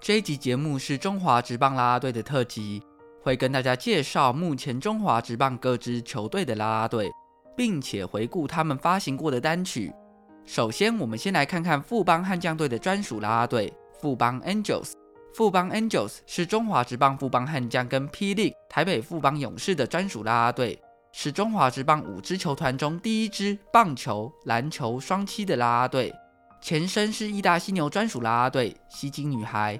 這一集節目是中華職棒啦啦隊的特輯，會跟大家介紹目前中華職棒各支球隊的啦啦隊，並且回顧他們發行過的單曲。首先，我們先來看看富邦悍將隊的專屬啦啦隊——富邦 Angels。富邦 Angels 是中華職棒富邦悍將跟霹靂台北富邦勇士的專屬啦啦隊，是中華職棒五支球團中第一支棒球、籃球雙棲的啦啦隊，前身是義大犀牛專屬啦啦隊——吸睛女孩。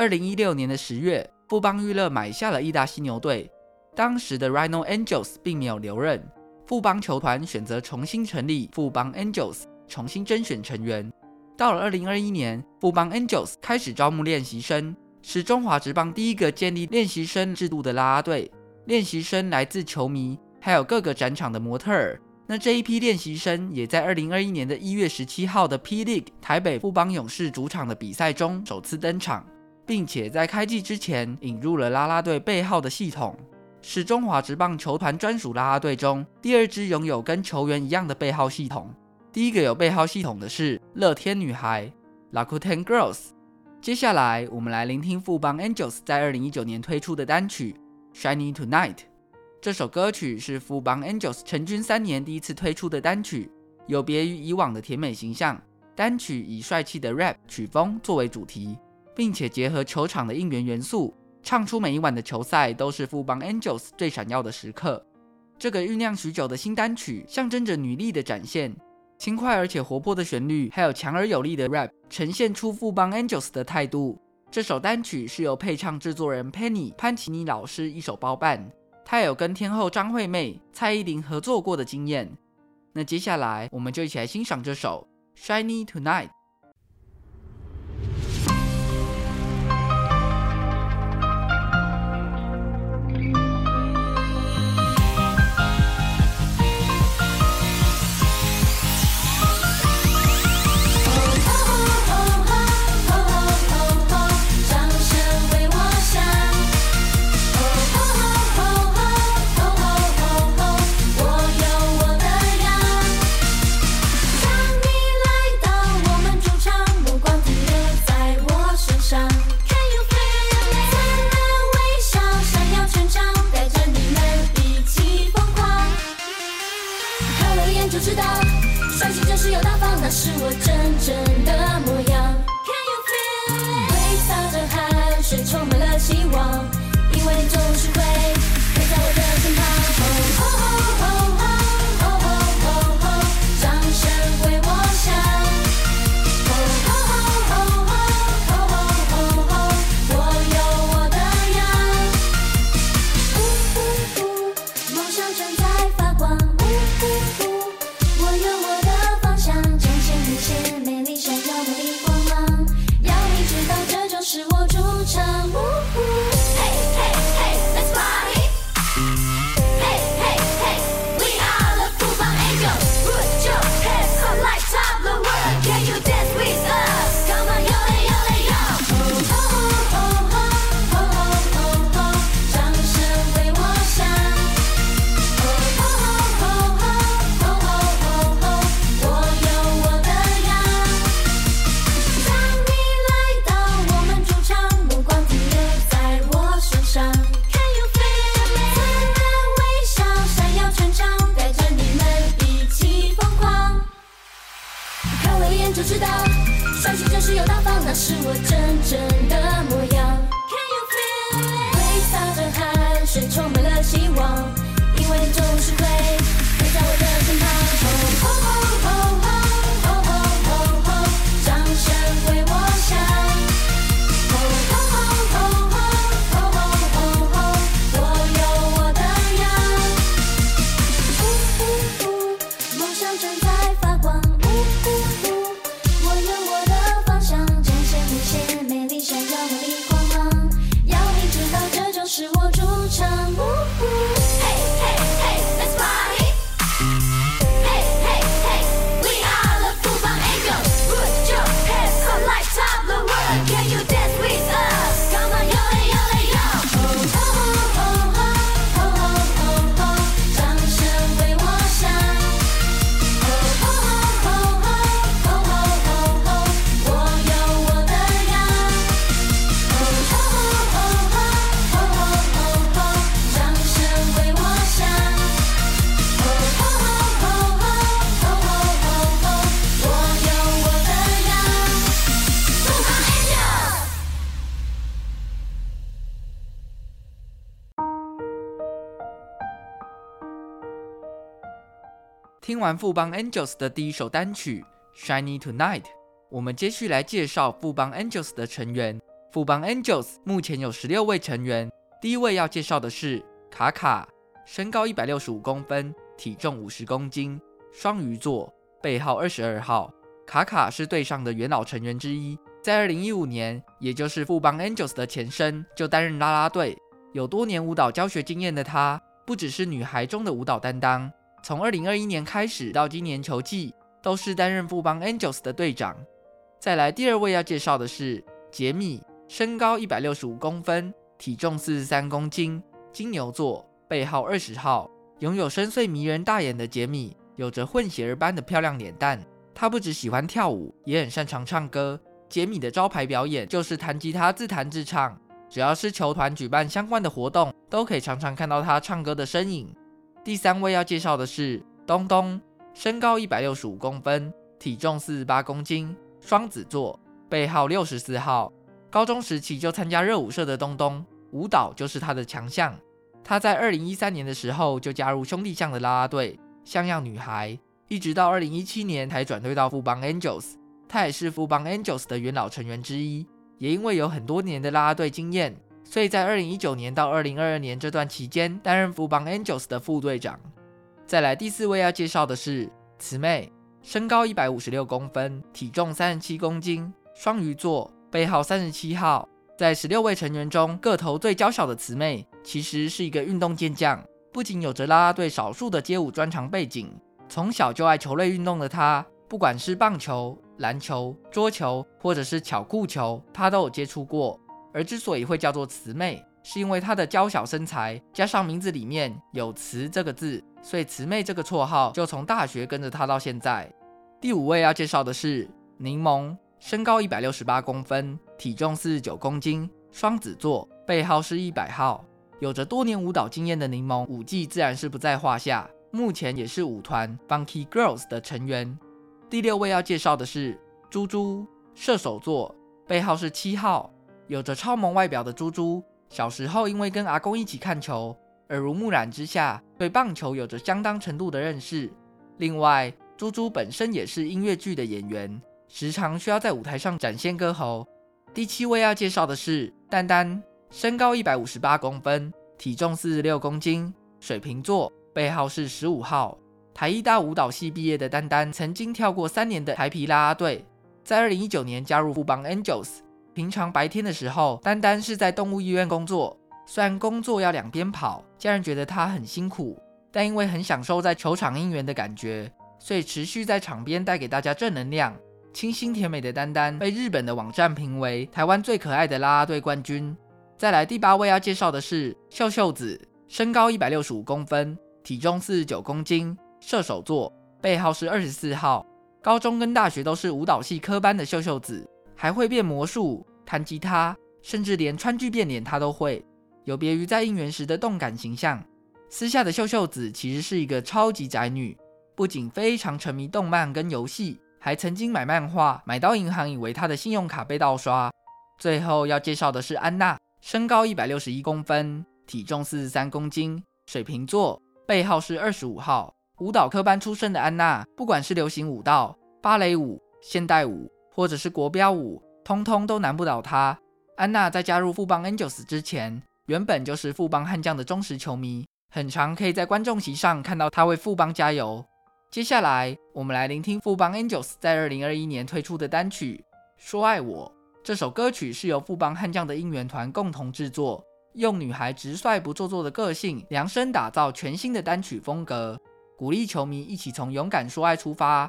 二零一六年的十月，富邦娛樂買下了義大犀牛隊。當時的 Rhino Angels 並沒有留任，富邦球團選擇重新成立富邦 Angels，重新甄選成員。到了二零二一年，富邦 Angels 開始招募練習生，是中華職棒第一個建立練習生制度的啦啦隊。練習生來自球迷，還有各個展場的模特兒。那這一批練習生也在二零二一年的一月十七號的 P League 台北富邦勇士主場的比賽中首次登場。並且在開季之前引入了啦啦隊背號的系統，是中華職棒球團專屬啦啦隊中第二支擁有跟球員一樣的背號系統。第一個有背號系統的是樂天女孩 （Rakuten Girls）。接下來，我們來聆聽富邦 Angels 在二零一九年推出的單曲《Shining Tonight》。這首歌曲是富邦 Angels 成軍三年第一次推出的單曲，有別於以往的甜美形象，單曲以帥氣的 rap 曲風作為主題。並且結合球場的應援元素，唱出每一晚的球賽都是富邦 Angels 最閃耀的時刻。這個醞釀許久的新單曲，象徵着女力的展現，輕快而且活潑的旋律，還有強而有力的 rap，呈現出富邦 Angels 的態度。這首單曲是由配唱製作人 Penny 潘奇尼老師一手包辦，她有跟天后張惠妹、蔡依林合作過的經驗。那接下來，我們就一起來欣賞這首《Shiny Tonight》。聽完富邦 Angels 的第一首單曲《Shiny Tonight》，我們接續來介紹富邦 Angels 的成員。富邦 Angels 目前有十六位成員。第一位要介紹的是卡卡，身高一百六十五公分，體重五十公斤，雙魚座，背號二十二號。卡卡是隊上的元老成員之一，在二零一五年，也就是富邦 Angels 的前身，就擔任啦啦隊。有多年舞蹈教學經驗的她，不只是女孩中的舞蹈擔當。從二零二一年開始到今年球季，都是擔任富邦 Angels 的隊長。再來第二位要介紹的是傑米，身高一百六十五公分，體重四十三公斤，金牛座，背號二十號。擁有深邃迷人大眼的傑米，有着混血兒般的漂亮臉蛋。她不只喜歡跳舞，也很擅長唱歌。傑米的招牌表演就是彈吉他自彈自唱。只要是球團舉辦相關的活動，都可以常常看到她唱歌的身影。第三位要介紹的是東東，身高一百六十五公分，體重四十八公斤，雙子座，背號六十四號。高中時期就參加熱舞社的東東，舞蹈就是他的強項。他在二零一三年的時候就加入兄弟象的啦啦隊，象樣女孩，一直到二零一七年才轉隊到富邦 Angels。他也是富邦 Angels 的元老成員之一，也因為有很多年的啦啦隊經驗。所以在二零一九年到二零二二年這段期間，擔任富邦 Angels 的副隊長。再來第四位要介紹的是慈妹，身高一百五十六公分，體重三十七公斤，雙魚座，背號三十七號。在十六位成員中，個頭最嬌小的慈妹，其實是一個運動健將，不僅有着啦啦隊少數的街舞專長背景，從小就愛球類運動的她，不管是棒球、籃球、桌球，或者是巧固球，她都有接觸過。而之所以會叫做慈妹，是因為她的嬌小身材加上名字裡面有“慈”這個字，所以“慈妹”這個綽號就從大學跟着她到現在。第五位要介紹的是檸檬，身高一百六十八公分，體重四十九公斤，雙子座，背號是一百號。有着多年舞蹈經驗的檸檬，舞技自然是不在話下，目前也是舞團 Funky Girls 的成員。第六位要介紹的是豬豬，射手座，背號是七號。有着超萌外表的豬豬，小時候因為跟阿公一起看球，耳濡目染之下，對棒球有着相當程度的認識。另外，豬豬本身也是音樂劇的演員，時常需要在舞台上展現歌喉。第七位要介紹的是丹丹，身高一百五十八公分，體重四十六公斤，水瓶座，背號是十五號。台藝大舞蹈系畢業的丹丹，曾經跳過三年的台啤啦啦隊，在二零一九年加入富邦 Angels。平常白天的時候，丹丹是在動物醫院工作。雖然工作要兩邊跑，家人覺得她很辛苦，但因為很享受在球場應援的感覺，所以持續在場邊帶給大家正能量。清新甜美的丹丹被日本的網站評為台灣最可愛的啦啦隊冠軍。再來第八位要介紹的是秀秀子，身高一百六十五公分，體重四十九公斤，射手座，背號是二十四號。高中跟大學都是舞蹈系科班的秀秀子，還會變魔術。彈吉他，甚至連川劇變臉他都會。有別於在應援時的動感形象，私下的秀秀子其實是一個超級宅女，不僅非常沉迷動漫跟遊戲，還曾經買漫畫買到銀行，以為她的信用卡被盜刷。最後要介紹的是安娜，身高一百六十一公分，體重四十三公斤，水瓶座，背號是二十五號。舞蹈科班出身的安娜，不管是流行舞蹈、芭蕾舞、現代舞，或者是國標舞。通通都難不倒他。安娜在加入富邦 Angels 之前，原本就是富邦悍將的忠實球迷，很常可以在觀眾席上看到他為富邦加油。接下來，我們來聆聽富邦 Angels 在2021年推出的單曲《說愛我》。這首歌曲是由富邦悍將的應援團共同製作，用女孩直率不做作的個性量身打造全新的單曲風格，鼓勵球迷一起從勇敢說愛出發。《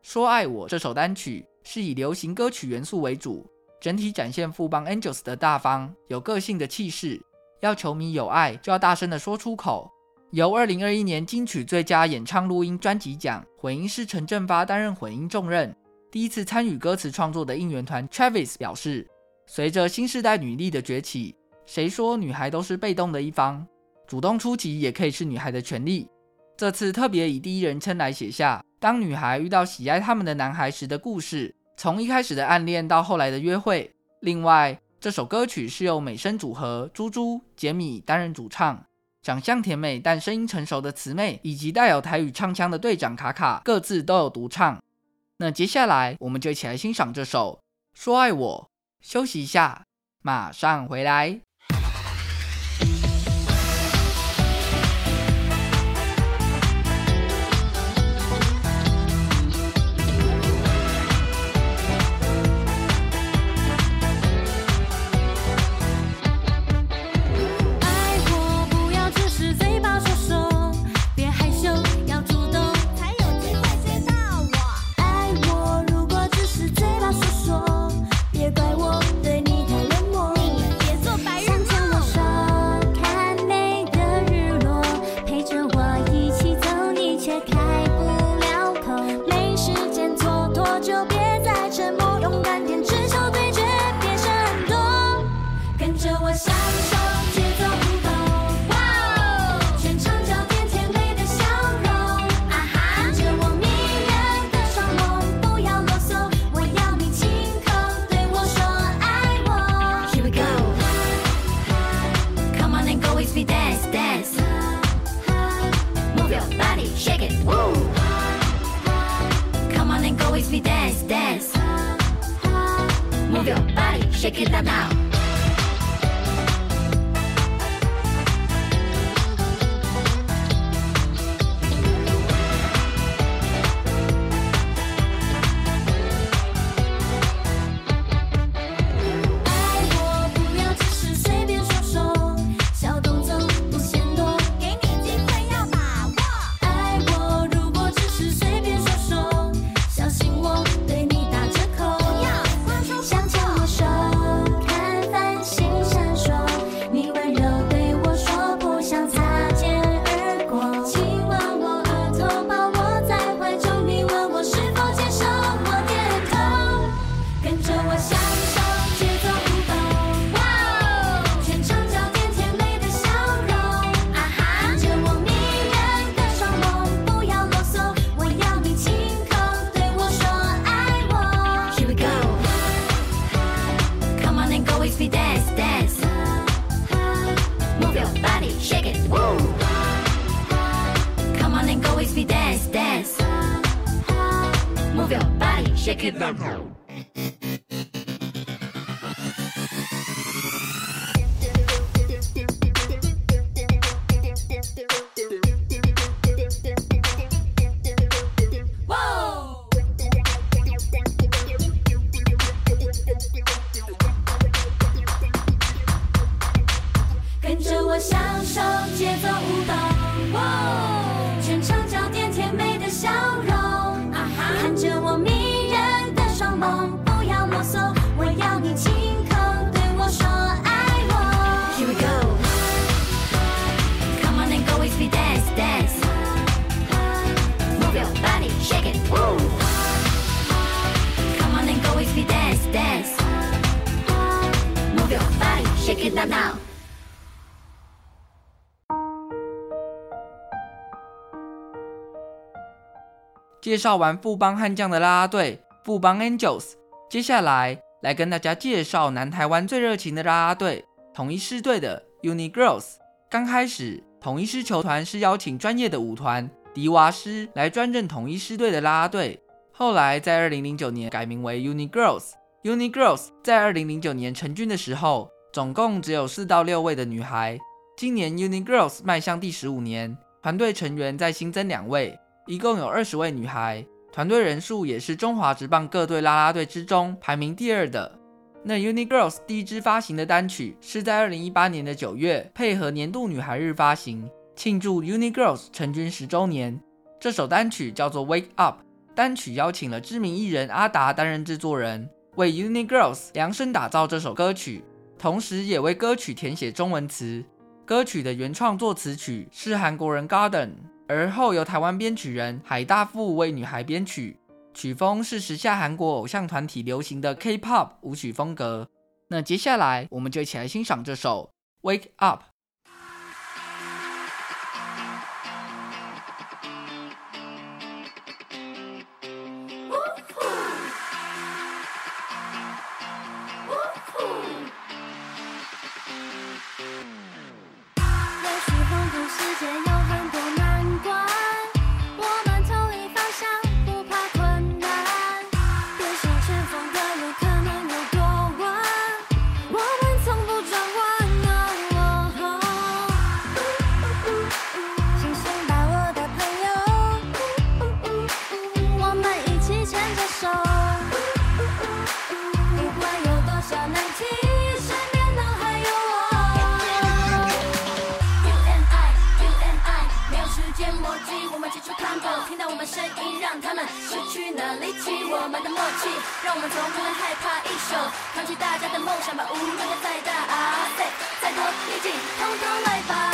說愛我》這首單曲。是以流行歌曲元素為主，整體展現富邦 Angels 的大方有個性的氣勢。要球迷有愛，就要大聲的說出口。由二零二一年金曲最佳演唱錄音專輯獎混音師陳振發擔任混音重任。第一次參與歌詞創作的應援團 Travis 表示，隨着新時代女力的崛起，誰說女孩都是被動的一方？主動出擊也可以是女孩的權利。這次特別以第一人稱來寫下。當女孩遇到喜愛她們的男孩時的故事，從一開始的暗戀到後來的約會。另外，這首歌曲是由美聲組合豬豬、傑米擔任主唱，長相甜美但聲音成熟的慈妹，以及帶有台語唱腔的隊長卡卡，各自都有獨唱。那接下來，我們就一起來欣賞這首《說愛我》。休息一下，馬上回來。介紹完富邦悍將的啦啦隊富邦 Angels，接下來來跟大家介紹南台灣最熱情的啦啦隊統一獅隊的 Uni Girls。剛開始統一獅球團是邀請專業的舞團迪娃獅來專任統一獅隊的啦啦隊，後來在2009年改名為 Uni Girls。Uni Girls 在2009年成軍的時候，總共只有四到六位的女孩。今年 Uni Girls 邁向第十五年，團隊成員再新增兩位。一共有二十位女孩，團隊人數也是中華職棒各隊啦啦隊之中排名第二的。那 Uni Girls 第一支發行的單曲是在二零一八年的九月，配合年度女孩日發行，慶祝 Uni Girls 成軍十週年。這首單曲叫做《Wake Up》，單曲邀請了知名藝人阿達擔任制作人，為 Uni Girls 量身打造這首歌曲，同時也為歌曲填寫中文詞。歌曲的原創作詞曲是韓國人 Garden。而後由台灣編曲人海大富為女孩編曲，曲風是時下韓國偶像團體流行的 K-pop 舞曲風格。那接下來我們就一起來欣賞這首《Wake Up》。不管有多少難題，身邊都還有我。U and I，U and I，沒有時間磨嘰，我們齊出 combo，聽到我們聲音，讓他們失去那力氣。我們的默契，讓我們從不害怕對手，團結大家的夢想吧，無論它再大啊，再多逆境，通通來吧。